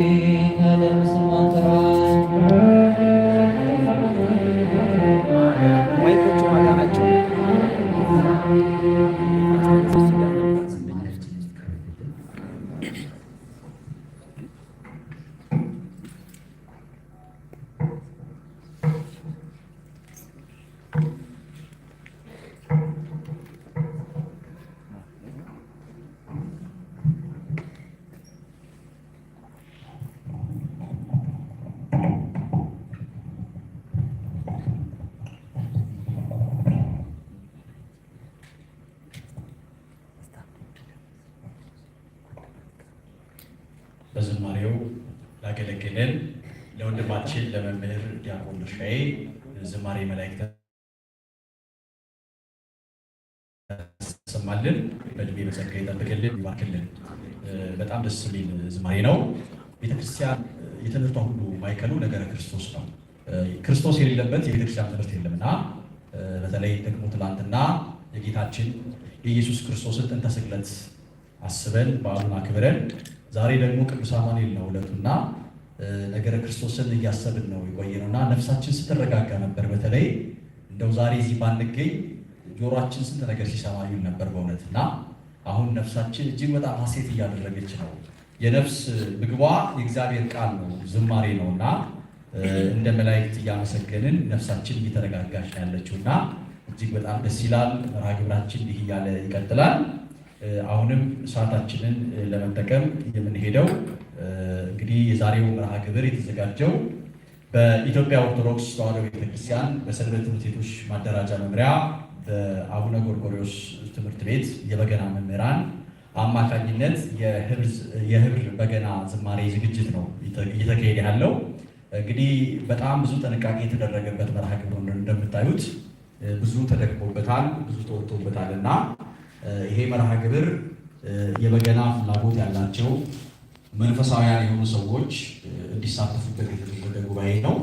Yeah. ግን ለወንድማችን ለመምህር ዲያቆን ድርሻዬ ዝማሬ መላእክት ያሰማልን፣ በእድሜ በጸጋ ይጠብቅልን፣ ይባርክልን። በጣም ደስ የሚል ዝማሬ ነው። ቤተክርስቲያን የትምህርቷ ሁሉ ማይከሉ ነገረ ክርስቶስ ነው። ክርስቶስ የሌለበት የቤተክርስቲያን ትምህርት የለምና በተለይ ደግሞ ትላንትና የጌታችን የኢየሱስ ክርስቶስን ጥንተ ስቅለት አስበን በዓሉን አክብረን ዛሬ ደግሞ ቅዱስ አማኑኤል ነው ዕለቱና ነገረ ክርስቶስን እያሰብን ነው የቆየ ነው እና ነፍሳችን ስትረጋጋ ነበር። በተለይ እንደው ዛሬ እዚህ ባንገኝ ጆሯችን ስንት ነገር ሲሰማ ነበር በእውነት እና አሁን ነፍሳችን እጅግ በጣም ሀሴት እያደረገች ነው። የነፍስ ምግቧ የእግዚአብሔር ቃል ነው፣ ዝማሬ ነው እና እንደ መላእክት እያመሰገንን ነፍሳችን እየተረጋጋች ያለችው እና እጅግ በጣም ደስ ይላል። መርሃ ግብራችን ይህ እያለ ይቀጥላል። አሁንም ሰዓታችንን ለመጠቀም የምንሄደው እንግዲህ የዛሬው መርሃ ግብር የተዘጋጀው በኢትዮጵያ ኦርቶዶክስ ተዋሕዶ ቤተክርስቲያን በሰንበት ትምህርት ቤቶች ማደራጃ መምሪያ በአቡነ ጎርጎሪዎስ ትምህርት ቤት የበገና መምህራን አማካኝነት የህብር በገና ዝማሬ ዝግጅት ነው እየተካሄደ ያለው። እንግዲህ በጣም ብዙ ጥንቃቄ የተደረገበት መርሃ ግብር እንደምታዩት ብዙ ተደክሞበታል፣ ብዙ ተወጥቶበታል እና ይሄ መርሃ ግብር የበገና ፍላጎት ያላቸው መንፈሳውያን የሆኑ ሰዎች እንዲሳተፉበት የተደረገ ጉባኤ ነው።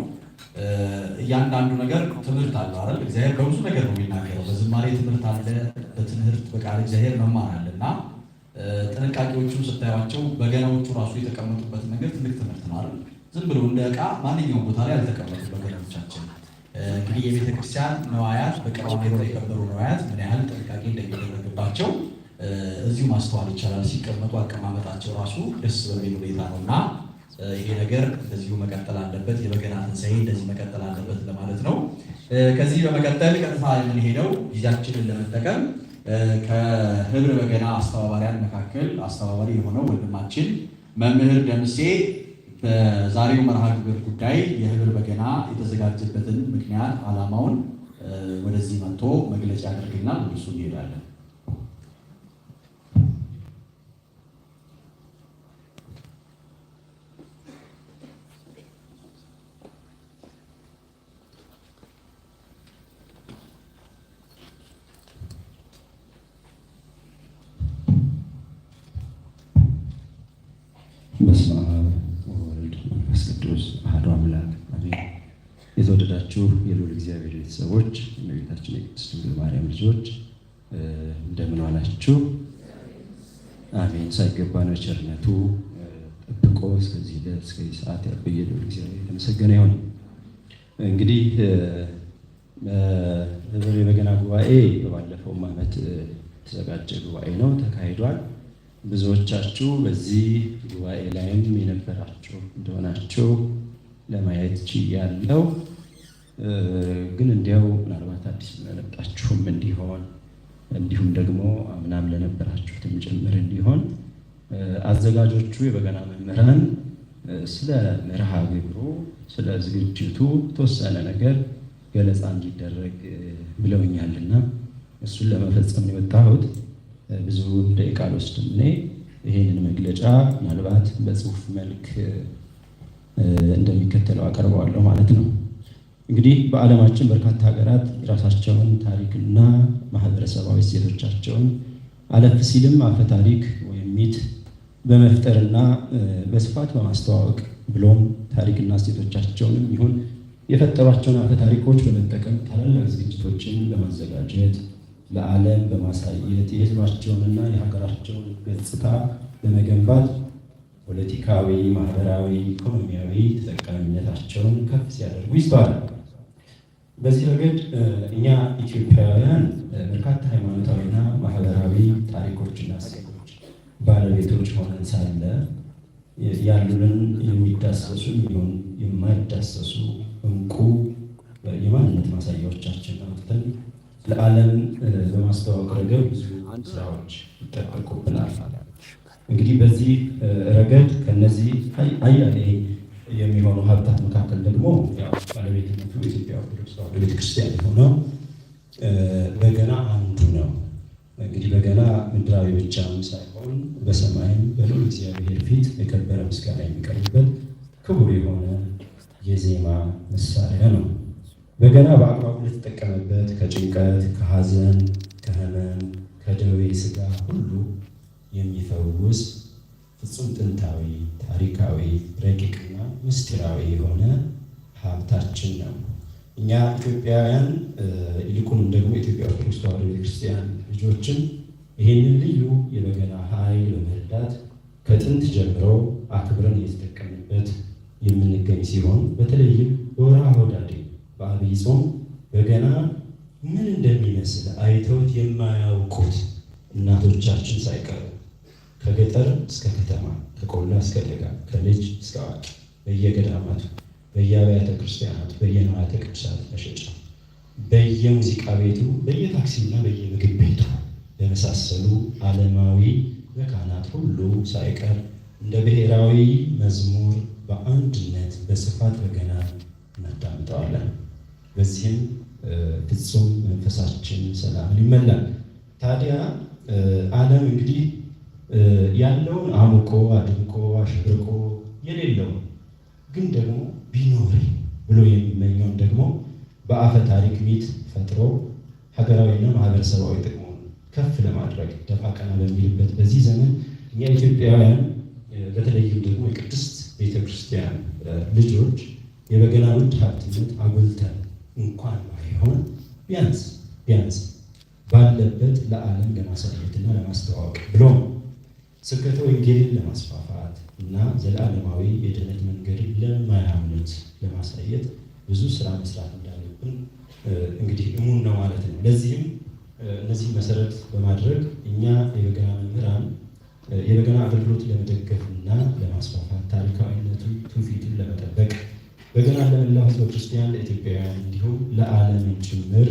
እያንዳንዱ ነገር ትምህርት አለው አይደል? እግዚአብሔር በብዙ ነገር ነው የሚናገረው። በዝማሬ ትምህርት አለ፣ በትምህርት በቃል እግዚአብሔር መማር አለ እና ጥንቃቄዎቹን ስታዩቸው በገናዎቹ ራሱ የተቀመጡበት ነገር ትልቅ ትምህርት ነው አይደል? ዝም ብሎ እንደ ዕቃ ማንኛውም ቦታ ላይ አልተቀመጡ በገናዎቻችን እንግዲህ የቤተክርስቲያን ነዋያት በቀባ የከበሩ ነዋያት ምን ያህል ጥንቃቄ እንደሚደረ ስለሌለባቸው እዚሁ ማስተዋል ይቻላል። ሲቀመጡ አቀማመጣቸው ራሱ ደስ በሚል ሁኔታ ነው እና ይሄ ነገር እዚሁ መቀጠል አለበት። የበገና ትንሣኤ እንደዚህ መቀጠል አለበት ለማለት ነው። ከዚህ በመቀጠል ቀጥታ የምንሄደው ጊዜያችንን ለመጠቀም ከህብረ በገና አስተባባሪያን መካከል አስተባባሪ የሆነው ወንድማችን መምህር ደምሴ በዛሬው መርሃ ግብር ጉዳይ የህብር በገና የተዘጋጀበትን ምክንያት ዓላማውን ወደዚህ መጥቶ መግለጫ ያደርግና እሱ እንሄዳለን። በስመ አብ ወወልድ ወመንፈስ ቅዱስ አሐዱ አምላክ አሜን። የተወደዳችሁ የልዑል እግዚአብሔር ቤተሰቦች፣ እመቤታችን የቅድስት ድንግል ማርያም ልጆች እንደምን ዋላችሁ? አሜን። ሳይገባን በቸርነቱ ጠብቆ እስከዚህ ዕለት እስከዚህ ሰዓት ያቆየ ልዑል እግዚአብሔር የተመሰገነ ይሁን። እንግዲህ ህብር የበገና ጉባኤ በባለፈውም ዓመት የተዘጋጀ ጉባኤ ነው፣ ተካሂዷል። ብዙዎቻችሁ በዚህ ጉባኤ ላይም የነበራችሁ እንደሆናችሁ ለማየት ችያለሁ። ግን እንዲያው ምናልባት አዲስ ለመጣችሁም እንዲሆን እንዲሁም ደግሞ አምናም ለነበራችሁትም ጭምር እንዲሆን አዘጋጆቹ የበገና መምህራን ስለ መርሃ ግብሩ ስለ ዝግጅቱ የተወሰነ ነገር ገለጻ እንዲደረግ ብለውኛልና እሱን ለመፈጸም ነው ብዙ ደቂቃ አልወስድም። እኔ ይህንን መግለጫ ምናልባት በጽሁፍ መልክ እንደሚከተለው አቀርበዋለሁ ማለት ነው። እንግዲህ በዓለማችን በርካታ ሀገራት የራሳቸውን ታሪክና ማህበረሰባዊ እሴቶቻቸውን አለፍ ሲልም አፈ ታሪክ ወይም ሚት በመፍጠርና በስፋት በማስተዋወቅ ብሎም ታሪክና እሴቶቻቸውንም ይሁን የፈጠሯቸውን አፈ ታሪኮች በመጠቀም ታላላቅ ዝግጅቶችን በማዘጋጀት ለዓለም በማሳየት የህዝባቸውንና የሀገራቸውን ገጽታ በመገንባት ፖለቲካዊ፣ ማህበራዊ፣ ኢኮኖሚያዊ ተጠቃሚነታቸውን ከፍ ሲያደርጉ ይስተዋላል። በዚህ ረገድ እኛ ኢትዮጵያውያን በርካታ ሃይማኖታዊና ማህበራዊ ታሪኮችና እሴቶች ባለቤቶች ሆነን ሳለ ያሉንን የሚዳሰሱ የሚሆን የማይዳሰሱ እንቁ የማንነት ማሳያዎቻችን አውጥተን ለዓለም በማስተዋወቅ ረገብ ብዙ ስራዎች ይጠበቁብናል። እንግዲህ በዚህ ረገድ ከነዚህ አያሌ የሚሆኑ ሀብታት መካከል ደግሞ ባለቤትነቱ ኢትዮጵያ ኦርቶዶክስ ተዋሕዶ ቤተክርስቲያን የሆነው በገና አንዱ ነው። እንግዲህ በገና ምድራዊ ብቻም ሳይሆን በሰማይም በልዑል እግዚአብሔር ፊት የከበረ ምስጋና የሚቀርብበት ክቡር የሆነ የዜማ መሳሪያ ነው። በገና በአግባቡ ልትጠቀምበት ከጭንቀት፣ ከሐዘን፣ ከህመም፣ ከደዌ ስጋ ሁሉ የሚፈውስ ፍጹም ጥንታዊ፣ ታሪካዊ፣ ረቂቅና ምስጢራዊ የሆነ ሀብታችን ነው። እኛ ኢትዮጵያውያን ይልቁንም ደግሞ ኢትዮጵያ ኦርቶዶክስ ተዋሕዶ ቤተክርስቲያን ልጆችን ይህንን ልዩ የበገና ኃይል በመረዳት ከጥንት ጀምሮ አክብረን እየተጠቀምንበት የምንገኝ ሲሆን በተለይም በወርሃ ሆዳዴ በአብይ ጾም በገና ምን እንደሚመስል አይተውት የማያውቁት እናቶቻችን ሳይቀሩ ከገጠር እስከ ከተማ ከቆላ እስከ ደጋ ከልጅ እስከ አዋቂ በየገዳማቱ በየአብያተ ክርስቲያናቱ በየንዋያተ ቅዱሳት መሸጫ በየሙዚቃ ቤቱ በየታክሲና በየምግብ ቤቱ በመሳሰሉ ዓለማዊ መካናት ሁሉ ሳይቀር እንደ ብሔራዊ መዝሙር በአንድነት በስፋት በገና እናዳምጠዋለን። በዚህም ፍጹም መንፈሳችን ሰላም ይመላል። ታዲያ ዓለም እንግዲህ ያለውን አምቆ አድምቆ አሸብርቆ የሌለውን ግን ደግሞ ቢኖር ብሎ የሚመኘውን ደግሞ በአፈ ታሪክ ሚት ፈጥሮ ሀገራዊና ማህበረሰባዊ ጥቅሙን ከፍ ለማድረግ ደፋ ቀና በሚልበት በዚህ ዘመን እኛ ኢትዮጵያውያን በተለይም ደግሞ የቅድስት ቤተክርስቲያን ልጆች የበገና ውድ ሀብትነት አጉልተን እንኳን ባይሆን ቢያንስ ቢያንስ ባለበት ለዓለም ለማሳየትና ለማስተዋወቅ ብሎ ስብከተ ወንጌልን ለማስፋፋት እና ዘላለማዊ የድነት መንገድ ለማያምኑት ለማሳየት ብዙ ስራ መስራት እንዳለብን እንግዲህ እሙን ነው ማለት ነው። ለዚህም እነዚህ መሰረት በማድረግ እኛ የበገና መምህራን የበገና አገልግሎት ለመደገፍ ለመደገፍና ለማስፋፋት ታ በገና ለመላው ሕዝበ ክርስቲያን ለኢትዮጵያውያን እንዲሁም ለዓለም ጭምር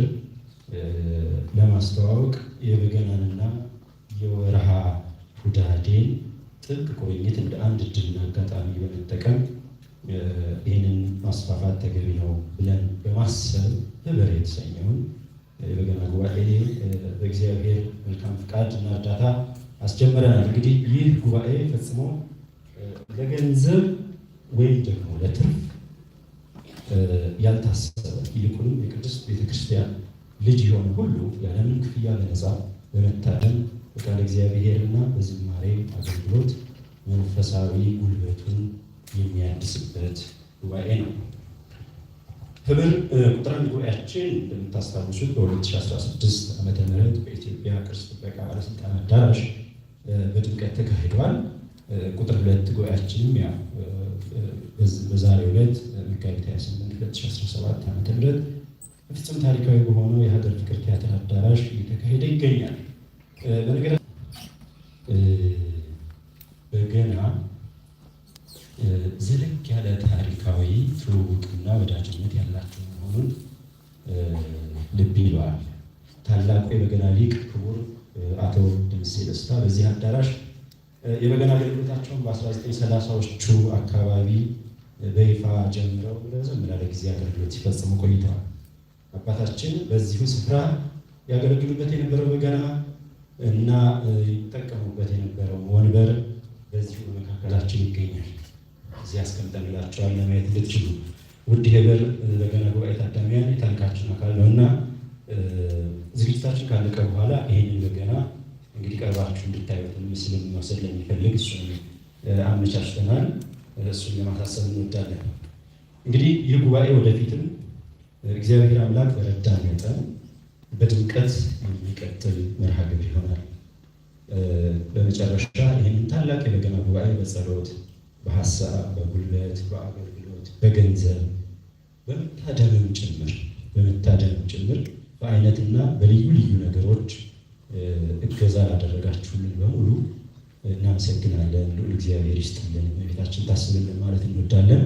ለማስተዋወቅ የበገናንና የወርሃ ሁዳዴን ጥብቅ ቁርኝት እንደ አንድ እድልና አጋጣሚ በመጠቀም ይህንን ማስፋፋት ተገቢ ነው ብለን በማሰብ ህብር የተሰኘውን የበገና ጉባኤ በእግዚአብሔር መልካም ፍቃድ እና እርዳታ አስጀምረናል። እንግዲህ ይህ ጉባኤ ፈጽሞ ለገንዘብ ወይም ደግሞ ለትርፍ ያልታሰበ ይልቁንም የቅድስት ቤተክርስቲያን ልጅ የሆነ ሁሉ ያለምንም ክፍያ በነፃ በመታደም በቃለ እግዚአብሔርና በዝማሬ አገልግሎት መንፈሳዊ ጉልበቱን የሚያድስበት ጉባኤ ነው። ህብር ቁጥር አንድ ጉባኤያችን እንደምታስታውሱት በ2016 ዓ ም በኢትዮጵያ ቅርስ ጥበቃ ባለስልጣን አዳራሽ በድምቀት ተካሂዷል። ቁጥር ሁለት ጉባኤያችንም ያው በዛሬው ዕለት መጋቢት 28 2017 ዓ ም በፍጹም ታሪካዊ በሆነው የሀገር ፍቅር ቲያትር አዳራሽ እየተካሄደ ይገኛል። በነገራ በገና ዘለግ ያለ ታሪካዊ ትውውቅና ወዳጅነት ያላቸው መሆኑን ልብ ይለዋል። ታላቁ የበገና ሊቅ ክቡር አቶ ደምሴ ደስታ በዚህ አዳራሽ የበገና አገልግሎታቸውን በ1930ዎቹ አካባቢ በይፋ ጀምረው ረዘም ላለ ጊዜ አገልግሎት ሲፈጽሙ ቆይተዋል። አባታችን በዚሁ ስፍራ ያገለግሉበት የነበረው በገና እና ይጠቀሙበት የነበረው ወንበር በዚሁ በመካከላችን ይገኛል። እዚህ አስቀምጠንላቸዋል ለማየት እንድትችሉ። ውድ ሄበር በገና ጉባኤ ታዳሚያን የታሪካችን አካል ነው እና ዝግጅታችን ካለቀ በኋላ ይህንን በገና እንግዲህ ቀርባችሁ እንድታዩት ምስል የሚወሰድ ለሚፈልግ እሱ አመቻችተናል። እሱን ለማሳሰብ እንወዳለን። እንግዲህ ይህ ጉባኤ ወደፊትም እግዚአብሔር አምላክ በረዳ መጠን በድምቀት የሚቀጥል መርሃ ግብር ይሆናል። በመጨረሻ ይህንን ታላቅ የበገና ጉባኤ በጸሎት፣ በሀሳብ፣ በጉልበት፣ በአገልግሎት፣ በገንዘብ በመታደምም ጭምር በመታደምም ጭምር በአይነትና በልዩ ልዩ ነገሮች እገዛ ላደረጋችሁልን በሙሉ እናመሰግናለን። ልዑል እግዚአብሔር ይስጥልን። እመቤታችን ታስብልን ማለት እንወዳለን።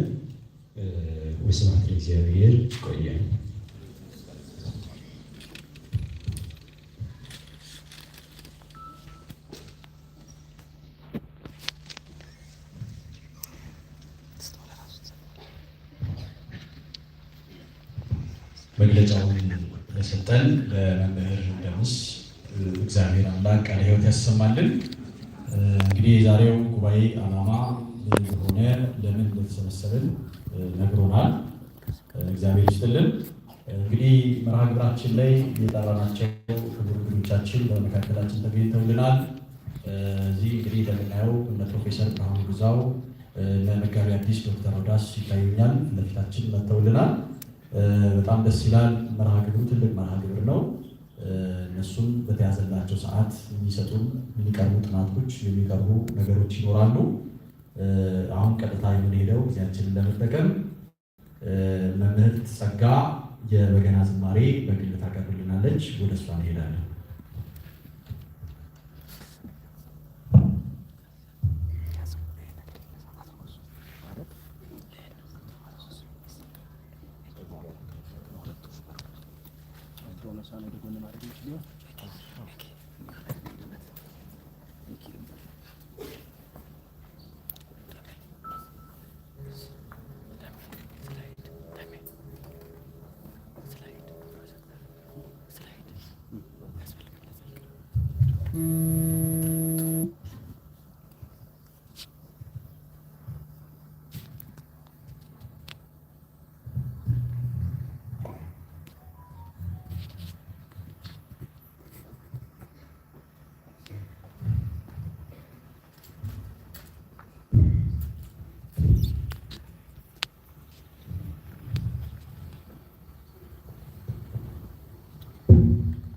ወስብሐት ለእግዚአብሔር። ቆየን መግለጫውን ለሰጠን ለመምህር ዳሙስ እግዚአብሔር አምላክ ቃለ ሕይወት ያሰማልን። እንግዲህ የዛሬው ጉባኤ ዓላማ ምን እንደሆነ ለምን እንደተሰበሰብን ነግሮናል። እግዚአብሔር ይስጥልን። እንግዲህ መርሃ ግብራችን ላይ የጠራናቸው ክቡር እንግዶቻችን በመካከላችን ተገኝተውልናል። እዚህ እንግዲህ እንደምናየው እነ ፕሮፌሰር ብርሃኑ ጉዛው እነ መጋቢ አዲስ ዶክተር ወዳስ ይታዩኛል፣ ለፊታችን መጥተውልናል። በጣም ደስ ይላል። መርሃ ግብሩ ትልቅ መርሃ ግብር ነው። እነሱም በተያዘላቸው ሰዓት የሚሰጡን የሚቀርቡ ጥናቶች የሚቀርቡ ነገሮች ይኖራሉ። አሁን ቀጥታ የምንሄደው ጊዜያችንን ለመጠቀም መምህርት ጸጋ የበገና ዝማሬ በግል ታቀርብልናለች። ወደ እሷ እንሄዳለን። ወደ ጎን ማድረግ የሚችል ይሆን?